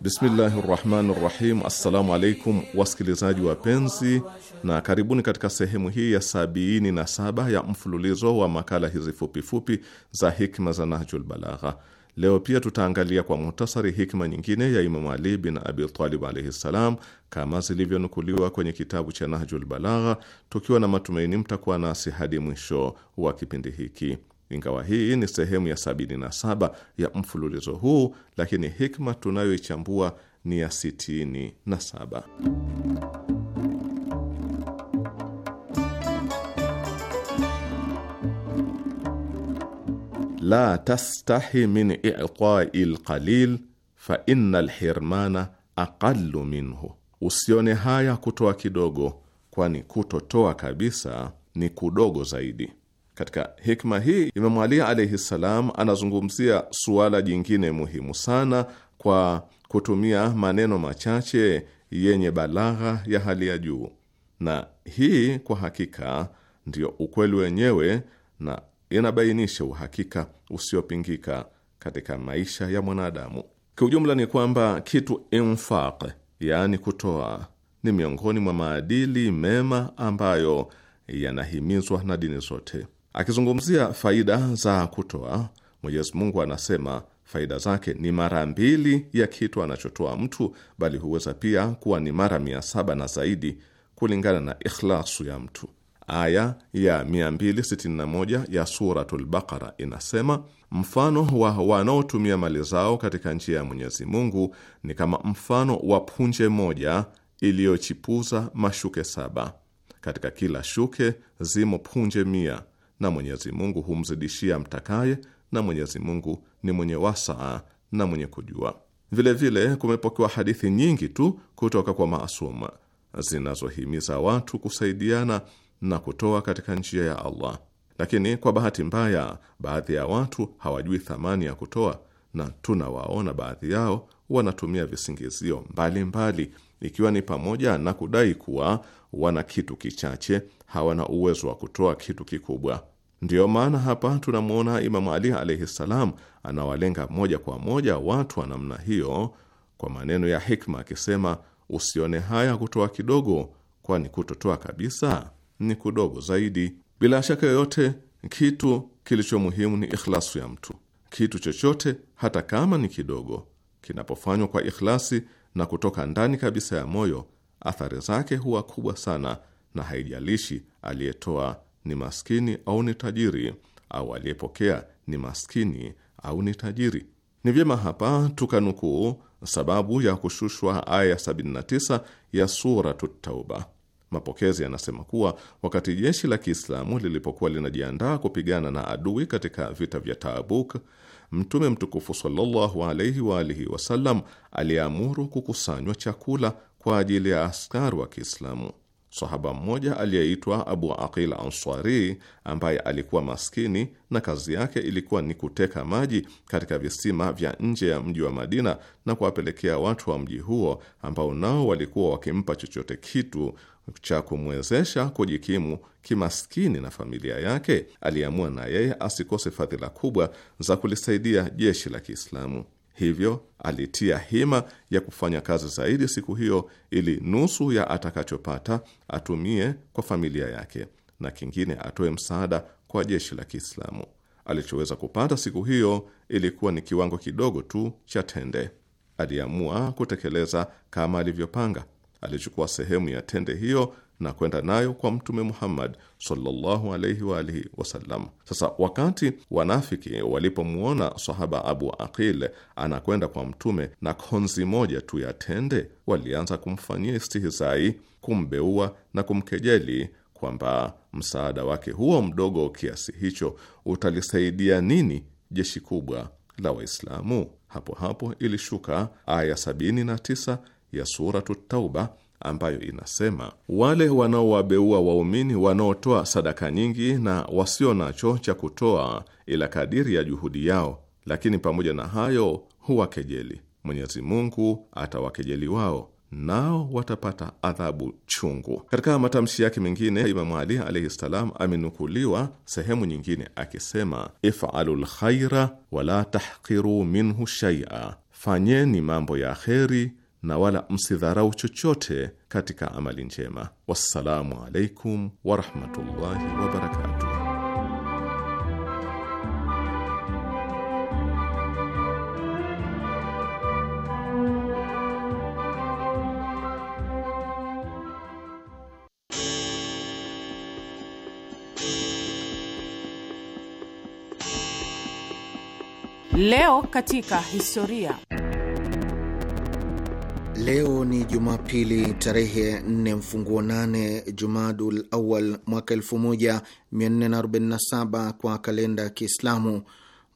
Bismillahi rahmani rahim. Assalamu alaikum wasikilizaji wapenzi, na karibuni katika sehemu hii ya 77 na saba ya mfululizo wa makala hizi fupifupi za hikma za Nahjul Balagha. Leo pia tutaangalia kwa muhtasari hikma nyingine ya Imamu Ali bin Abi Talib alaihi ssalam, kama zilivyonukuliwa kwenye kitabu cha Nahjul Balagha, tukiwa na matumaini mtakuwa nasi hadi mwisho wa kipindi hiki. Ingawa hii ni sehemu ya 77 ya mfululizo huu, lakini hikma tunayoichambua ni ya 67. La tastahi min itai lqalil fa inna lhirmana aqalu minhu, usione haya kutoa kidogo, kwani kutotoa kabisa ni kudogo zaidi. Katika hikma hii imamu Ali alaihi ssalam anazungumzia suala jingine muhimu sana kwa kutumia maneno machache yenye balagha ya hali ya juu, na hii kwa hakika ndiyo ukweli wenyewe na inabainisha uhakika usiopingika katika maisha ya mwanadamu. Kiujumla ni kwamba kitu infaq, yaani kutoa, ni miongoni mwa maadili mema ambayo yanahimizwa na dini zote. Akizungumzia faida za kutoa, Mwenyezi Mungu anasema faida zake ni mara mbili ya kitu anachotoa mtu, bali huweza pia kuwa ni mara mia saba na zaidi kulingana na ikhlasu ya mtu. Aya ya 261 ya Suratul Baqara inasema mfano wa wanaotumia mali zao katika njia ya Mwenyezi Mungu ni kama mfano wa punje moja iliyochipuza mashuke saba. Katika kila shuke zimo punje mia na Mwenyezi Mungu humzidishia mtakaye, na Mwenyezi Mungu ni mwenye wasaa na mwenye kujua. Vilevile vile, kumepokewa hadithi nyingi tu kutoka kwa masum zinazohimiza watu kusaidiana na kutoa katika njia ya Allah, lakini kwa bahati mbaya baadhi ya watu hawajui thamani ya kutoa, na tunawaona baadhi yao wanatumia visingizio mbalimbali mbali, ikiwa ni pamoja na kudai kuwa wana kitu kichache, hawana uwezo wa kutoa kitu kikubwa. Ndiyo maana hapa tunamwona Imamu Ali alaihi ssalam anawalenga moja kwa moja watu wa namna hiyo kwa maneno ya hikma akisema, usione haya kutoa kidogo, kwani kutotoa kabisa ni kudogo zaidi. Bila shaka yoyote, kitu kilicho muhimu ni ikhlasu ya mtu. Kitu chochote, hata kama ni kidogo, kinapofanywa kwa ikhlasi na kutoka ndani kabisa ya moyo, athari zake huwa kubwa sana, na haijalishi aliyetoa ni maskini au ni tajiri au aliyepokea ni maskini au ni tajiri. Ni vyema hapa tukanukuu sababu ya kushushwa aya 79 ya Suratu Tauba. Mapokezi yanasema kuwa wakati jeshi la Kiislamu lilipokuwa linajiandaa kupigana na adui katika vita vya Taabuk, Mtume mtukufu sallallahu alaihi wa alihi wasallam aliamuru kukusanywa chakula kwa ajili ya askari wa Kiislamu sahaba mmoja aliyeitwa Abu Aqil Ansari ambaye alikuwa maskini na kazi yake ilikuwa ni kuteka maji katika visima vya nje ya mji wa Madina na kuwapelekea watu wa mji huo ambao nao walikuwa wakimpa chochote kitu cha kumwezesha kujikimu kimaskini na familia yake, aliamua na yeye asikose fadhila kubwa za kulisaidia jeshi la Kiislamu. Hivyo alitia hima ya kufanya kazi zaidi siku hiyo, ili nusu ya atakachopata atumie kwa familia yake na kingine atoe msaada kwa jeshi la Kiislamu. Alichoweza kupata siku hiyo ilikuwa ni kiwango kidogo tu cha tende. Aliamua kutekeleza kama alivyopanga. Alichukua sehemu ya tende hiyo na kwenda nayo kwa Mtume Muhammad sallallahu alaihi wa alihi wasallam. Sasa wakati wanafiki walipomwona sahaba Abu Aqil anakwenda kwa Mtume na konzi moja tu ya tende, walianza kumfanyia istihizai, kumbeua na kumkejeli kwamba msaada wake huo mdogo kiasi hicho utalisaidia nini jeshi kubwa la Waislamu? Hapo hapo ilishuka aya 79 ya Suratu Tauba ambayo inasema wale wanaowabeua waumini wanaotoa sadaka nyingi na wasio nacho cha kutoa ila kadiri ya juhudi yao, lakini pamoja na hayo huwakejeli. Mwenyezi Mungu atawakejeli wao, nao watapata adhabu chungu. Katika matamshi yake mengine, Imamu Ali alaihi ssalam amenukuliwa sehemu nyingine akisema, ifalu lkhaira wala tahkiru minhu shaia, fanyeni mambo ya kheri na wala msidharau chochote katika amali njema. Wassalamu alaikum warahmatullahi wabarakatuh. Leo katika historia. Leo ni Jumapili tarehe 4 mfunguo 8 Jumadul Awal mwaka 1447 kwa kalenda ya Kiislamu,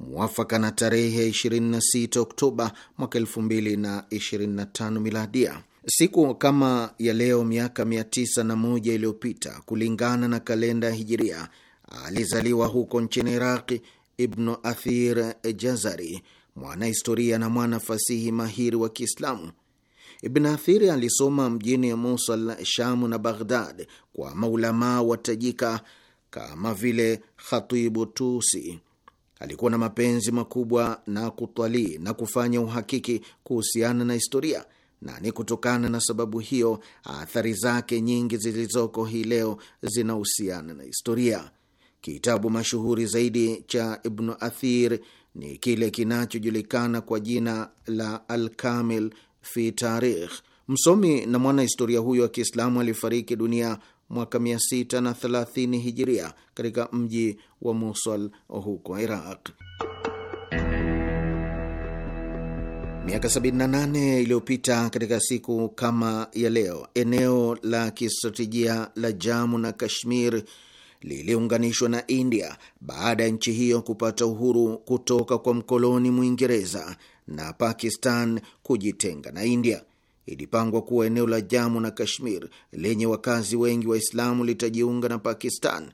mwafaka na tarehe 26 Oktoba mwaka 2025 miladia. Siku kama ya leo miaka 901 iliyopita kulingana na kalenda ya Hijiria, alizaliwa huko nchini Iraqi Ibnu Athir Jazari, mwanahistoria na mwana fasihi mahiri wa Kiislamu. Ibn Athiri alisoma mjini Mosul, Shamu na Baghdad kwa maulamaa watajika kama vile Khatibu Tusi. Alikuwa na mapenzi makubwa na kutwalii na kufanya uhakiki kuhusiana na historia, na ni kutokana na sababu hiyo athari zake nyingi zilizoko hii leo zinahusiana na historia. Kitabu mashuhuri zaidi cha Ibnu Athir ni kile kinachojulikana kwa jina la Alkamil fi tarikh. Msomi na mwanahistoria huyo wa Kiislamu alifariki dunia mwaka 630 hijiria katika mji wa Mosul huko Iraq. Miaka 78 iliyopita katika siku kama ya leo, eneo la kistratejia la Jamu na Kashmir liliunganishwa na India baada ya nchi hiyo kupata uhuru kutoka kwa mkoloni Mwingereza na Pakistan kujitenga na India. Ilipangwa kuwa eneo la Jamu na Kashmir lenye wakazi wengi Waislamu litajiunga na Pakistan,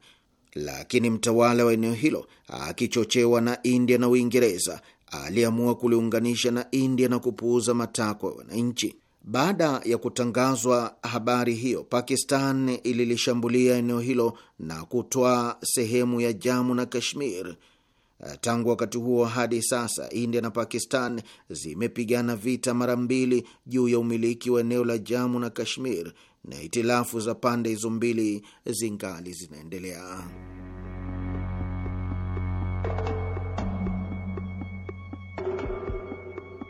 lakini mtawala wa eneo hilo akichochewa na India na Uingereza aliamua kuliunganisha na India na kupuuza matakwa ya wananchi. Baada ya kutangazwa habari hiyo, Pakistan ililishambulia eneo hilo na kutoa sehemu ya Jamu na Kashmir. Eh, tangu wakati huo hadi sasa India na Pakistan zimepigana vita mara mbili juu ya umiliki wa eneo la Jamu na Kashmir, na hitilafu za pande hizo mbili zingali zinaendelea.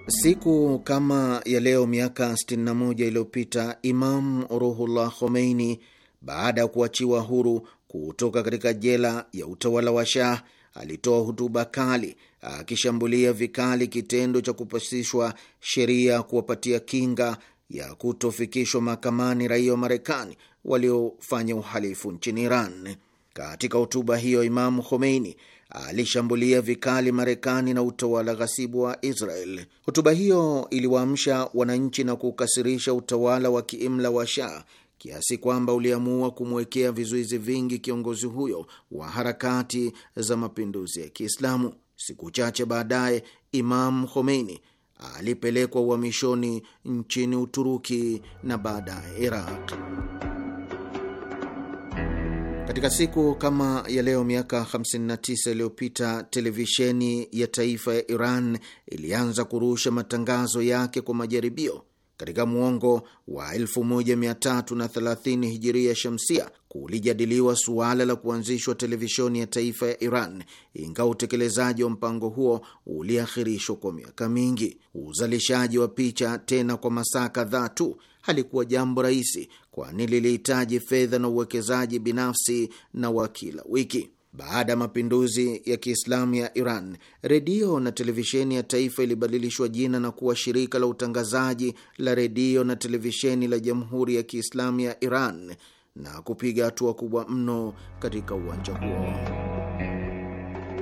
Siku kama ya leo miaka 61 iliyopita Imam Ruhullah Khomeini, baada ya kuachiwa huru kutoka katika jela ya utawala wa Shah alitoa hotuba kali akishambulia vikali kitendo cha kupasishwa sheria kuwapatia kinga ya kutofikishwa mahakamani raia wa Marekani waliofanya uhalifu nchini Iran. Katika hotuba hiyo, Imamu Khomeini alishambulia vikali Marekani na utawala ghasibu wa Israel. Hotuba hiyo iliwaamsha wananchi na kukasirisha utawala wa kiimla wa Shah kiasi kwamba uliamua kumwekea vizuizi vingi kiongozi huyo wa harakati za mapinduzi ya Kiislamu. Siku chache baadaye, Imam Khomeini alipelekwa uhamishoni nchini Uturuki na baadaye Iraq. Katika siku kama ya leo miaka 59 iliyopita televisheni ya taifa ya Iran ilianza kurusha matangazo yake kwa majaribio katika muongo wa 1330 hijiria shamsia kulijadiliwa suala la kuanzishwa televisheni ya taifa ya Iran, ingawa utekelezaji wa mpango huo uliahirishwa kwa miaka mingi. Uzalishaji wa picha tena kwa masaa kadhaa tu halikuwa jambo rahisi, kwani lilihitaji fedha na uwekezaji binafsi na wa kila wiki. Baada ya mapinduzi ya Kiislamu ya Iran, redio na televisheni ya taifa ilibadilishwa jina na kuwa shirika la utangazaji la redio na televisheni la Jamhuri ya Kiislamu ya Iran na kupiga hatua kubwa mno katika uwanja huo.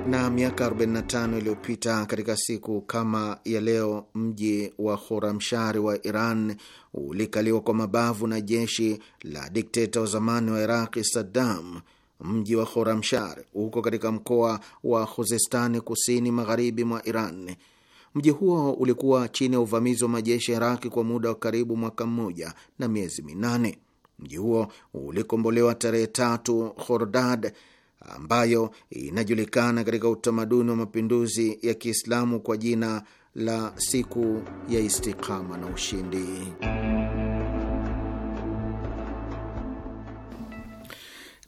Na miaka 45 iliyopita katika siku kama ya leo, mji wa Khorramshahr wa Iran ulikaliwa kwa mabavu na jeshi la dikteta wa zamani wa Iraqi Saddam Mji wa Khoramshar uko katika mkoa wa Khuzestani, kusini magharibi mwa Iran. Mji huo ulikuwa chini ya uvamizi wa majeshi ya Iraki kwa muda wa karibu mwaka mmoja na miezi minane. Mji huo ulikombolewa tarehe tatu Khordad ambayo inajulikana katika utamaduni wa mapinduzi ya Kiislamu kwa jina la siku ya istikama na ushindi.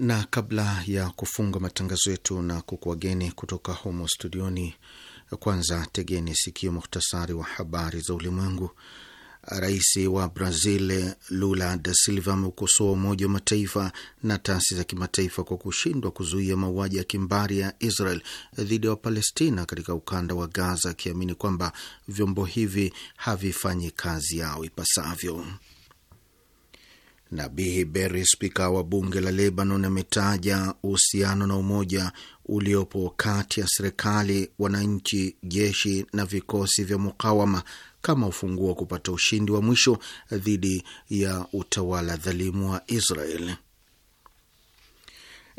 na kabla ya kufunga matangazo yetu na kukuwageni kutoka humo studioni, kwanza tegeni sikio muhtasari wa habari za ulimwengu. Rais wa Brazil Lula da Silva ameukosoa Umoja wa Mataifa na taasisi za kimataifa kwa kushindwa kuzuia mauaji ya kimbari ya Israel dhidi ya Wapalestina katika ukanda wa Gaza, akiamini kwamba vyombo hivi havifanyi kazi yao ipasavyo. Nabihi Berri, spika wa bunge la Lebanon, ametaja uhusiano na umoja uliopo kati ya serikali, wananchi, jeshi na vikosi vya mukawama kama ufunguo wa kupata ushindi wa mwisho dhidi ya utawala dhalimu wa Israeli.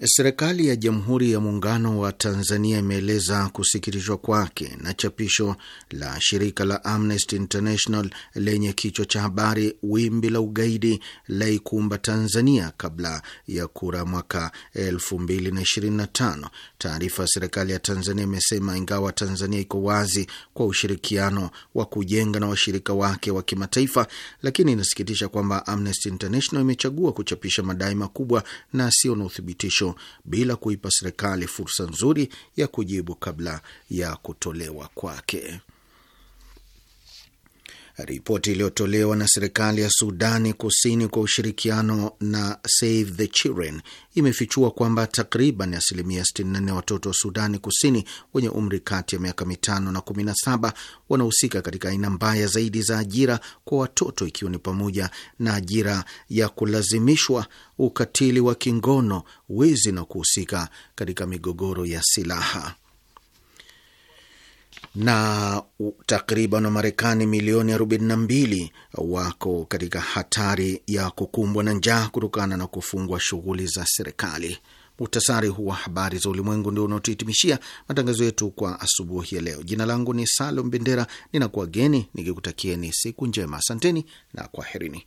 Serikali ya Jamhuri ya Muungano wa Tanzania imeeleza kusikitishwa kwake na chapisho la shirika la Amnesty International lenye kichwa cha habari wimbi la ugaidi la ikumba Tanzania kabla ya kura mwaka 2025. Taarifa ya serikali ya Tanzania imesema ingawa Tanzania iko wazi kwa ushirikiano wa kujenga na washirika wake wa kimataifa, lakini inasikitisha kwamba Amnesty International imechagua kuchapisha madai makubwa na asio na uthibitisho hicho bila kuipa serikali fursa nzuri ya kujibu kabla ya kutolewa kwake. Ripoti iliyotolewa na serikali ya Sudani Kusini kwa ushirikiano na Save the Children imefichua kwamba takriban asilimia 64 watoto wa Sudani Kusini wenye umri kati ya miaka mitano na 17 wanahusika katika aina mbaya zaidi za ajira kwa watoto, ikiwa ni pamoja na ajira ya kulazimishwa, ukatili wa kingono, wizi na kuhusika katika migogoro ya silaha na takriban Wamarekani milioni 42 wako katika hatari ya kukumbwa na njaa kutokana na kufungwa shughuli za serikali. Muhtasari huu wa habari za ulimwengu ndio unaotuhitimishia matangazo yetu kwa asubuhi ya leo. Jina langu ni Salum Bendera, ninakuwa geni nikikutakieni siku njema. Asanteni na kwaherini